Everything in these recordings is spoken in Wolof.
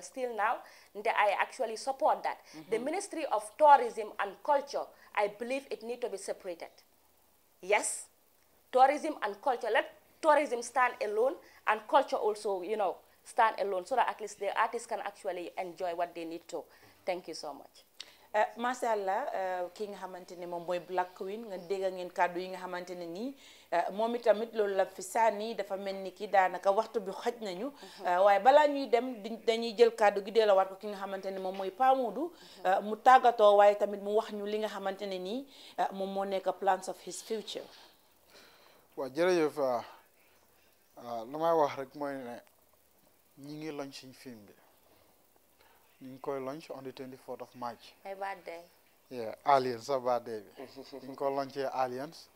Still now, I actually support that. Mm -hmm. The mm-hmm. Ministry of Tourism and Culture, I believe it need to be separated. Yes, tourism and culture. Let tourism stand alone and culture also, you know, stand alone so that at least the artists can actually enjoy what they need to. Thank you so much. Eh, macha allah eh, ki nga xamante ne moom mooy Black Queen nga dégg ngeen kàddu yi nga xamante ne nii eh, moom itamit loolu la fi sànni dafa mel ni ki daanaka waxtu bi xoj nañu. Mhm. waaye balaa ñuy dem dañuy jël kàddu gi delloowaat ko ki nga xamante ne moom mooy Paamudu mhm. mu tàggatoo waaye tamit mu wax ñu li nga xamante ne nii moom moo nekk plans of his future. waaw jërëjëf ah, ah, lu may wax rek mooy ne ñi ngi lañ suñ film bi. ñu ngi koy launch on the 24th of March. my birthday. yeah Alliance sa birthday bi. ñu ngi ko Alliance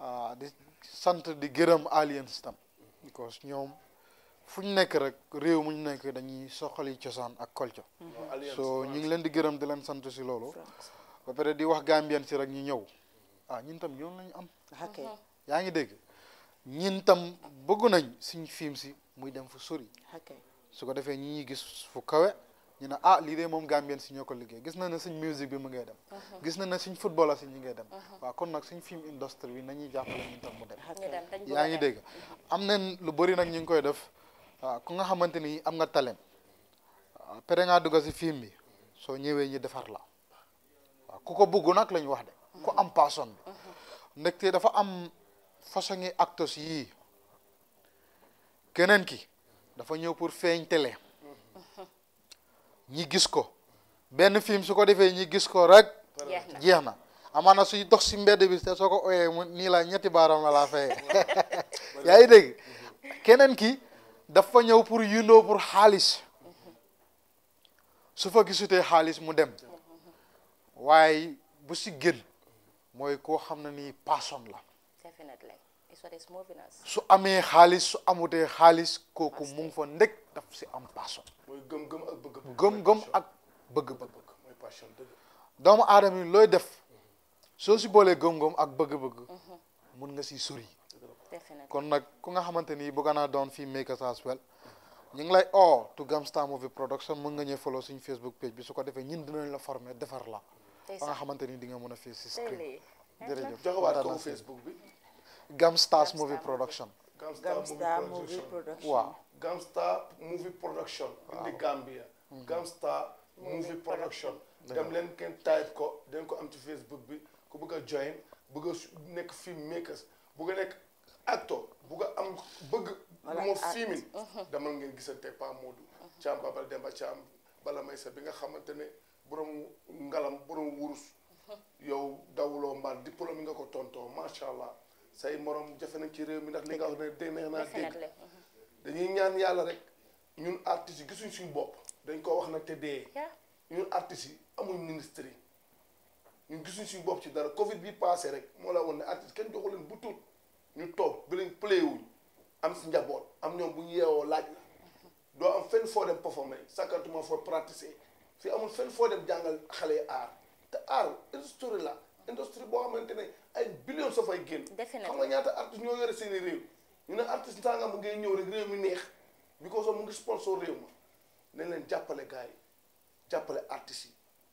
ah, di sant di gërëm Alliance tam. because ñoom fu ñu nekk rek réew mu ñu nekk dañuy soxali cosaan ak culture. so ñu ngi leen di gërëm di leen sant si loolu. ba pare di wax Gambien si rek ñu ñëw ah ñun tam yoon lañu am. Mhm. yaa ngi dégg ñun tam bëgg nañ suñ film si muy dem fu sori. su ko defee ñi ñuy gis fu kawe. ñu ne ah lii de moom Gambien si ñoo ko liggéey gis na ne suñ musique bi mu ngay dem uh-huh. gis na ne suñ football si ñu ngay dem uh-huh. waaw kon nag suñ film industrie bi nañuy jàppale ñu tam mu dem yaa ngi dégg uh-huh. am nañ lu bëri nag ñu ngi koy def waaw ku nga xamante ni am nga talent pere ngaa dugg si film bi soo ñëwee ñu defar la waaw ku ko bugg nag la wax de ku am passion bi ndegte dafa am façon yi acteurs yii keneen ki dafa ñëw pour feeñ tele ñi gis ko benn film su ko defee ñi gis ko rek jeex na amaana suy dox si mbedd bi te soo ko ooyee mu nii laa ñetti baaraam la laa fa yaa ngi dégg keneen ki dafa ñëw pour yundoo pour xaalis su fa gisutee xaalis mu dem waaye bu si gën mooy koo xam ne ni pason la su amee xaalis su amutee xaalis kooku mu ngi fa si am passion. mooy ak bëgg gëm-gëm ak bëgg-bëgg. mooy doomu aadama yi looy def soo si boolee gëm ak bëgg-bëgg. Mm-hmm. mun nga si sori. kon nag ku nga xamante ni bëgg naa doon fii makers as well ñu ngi lay oo to Gamstar Movie Production mën nga ñëw follow suñu Facebook page bi su ko defee ñun dinañ la former defar la. ba nga xamante ni di nga mën a fii si screen. jërëjëf joxewaat ko Facebook bi. Gamstars movie production. Gamstar movie production waaw. Gamstar movie production. waaw indi Gambia. Gamstar movie production. Hmm. dem leen kenn taayit ko dañ ko am ci Facebook bi ku bëgg a join bëgg a nekk film makers bëgg a nekk actor bëgg a am bëgg. wala moo filmin uh-huh. dama ngeen gisante Pa Modou. Uh-huh. Thiam Babal Demba Thiam Bala Maysa bi nga xamante ne borom ngalam borom wurus. Uh-huh. yow dawuloo mbaal diplôme nga ko tontoo macha allah. say morom jafe nañ ci réew mi ndax li nga wax ne dégg neex naa dégg mhm. dañuy ñaan yàlla rek ñun artistes yi gisuñ suñu bopp dañ koo wax nag te dee ñun artistes yi amuñ ministre yi ñun gisuñ suñu bopp ci dara covid bi passé rek moo la woon ne artistes kenn joxu leen bu tuut ñu toog bi lañ play am si njaboot am ñoom bu ñu yeewoo laaj la doo am fenn foo dem performer sakantuma foo pratiquer fii amul fenn foo dem jàngal xale yi aar te aar industrie la industrie boo xamante ne soo sa fay génn. xam nga ñaata artistes ñoo yore seen i réew. ñu ne artiste tàngam ngay ñëw rek réew mi neex bi ko soo mu ngi sponsor réew ma nañ leen jàppale gars yi jàppale artistes yi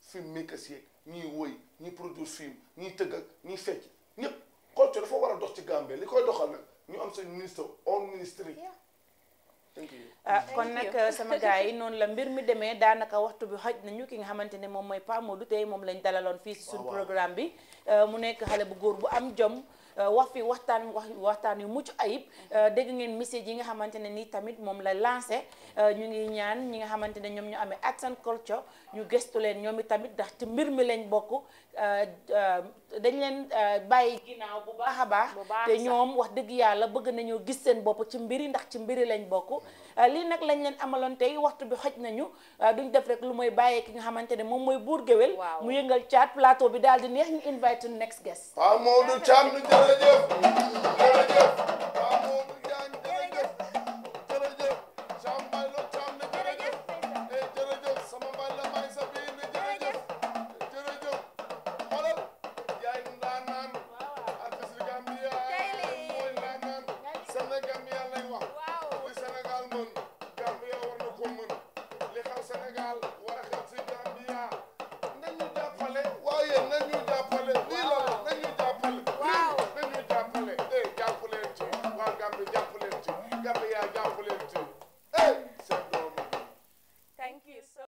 filmmakers yeeg ñiy woy ñiy produire film ñiy tëgg ak fecc ñëpp culture dafa war a dox ci Gambie li koy doxal nag ñu am seen ministre on ministre yi. ah kon nag sama gars yi noonu la mbir mi demee daanaka waxtu bi xaj nañu ki nga xamante ne moom mooy Pa Modou tey moom lañ dalaloon fii si suñu bi. Euh, mu nekk xale bu góor bu am jom euh, wax fi waxtaan wax waxtaan yu mucc ayib euh, dégg ngeen message yi nga xamante ne nii tamit moom la lancé ñu ngi ñaan ñi nga xamante ne ñoom ñu amee arts san culture ñu gëstu leen ñoom tamit ndax ci mbir mi lañ bokk dañ leen bàyyi ginnaaw bu baax a baax te ñoom wax dëgg yàlla bëgg nañoo gis seen bopp ci mbiri ndax ci mbiri lañ bokk lii nag lañ leen amaloon tey waxtu bi xoj nañu duñ def rek lu mooy bàyyee ki nga xamante ne moom mooy buur géwél to the next guest. Pa Modou Thiam jërëjëf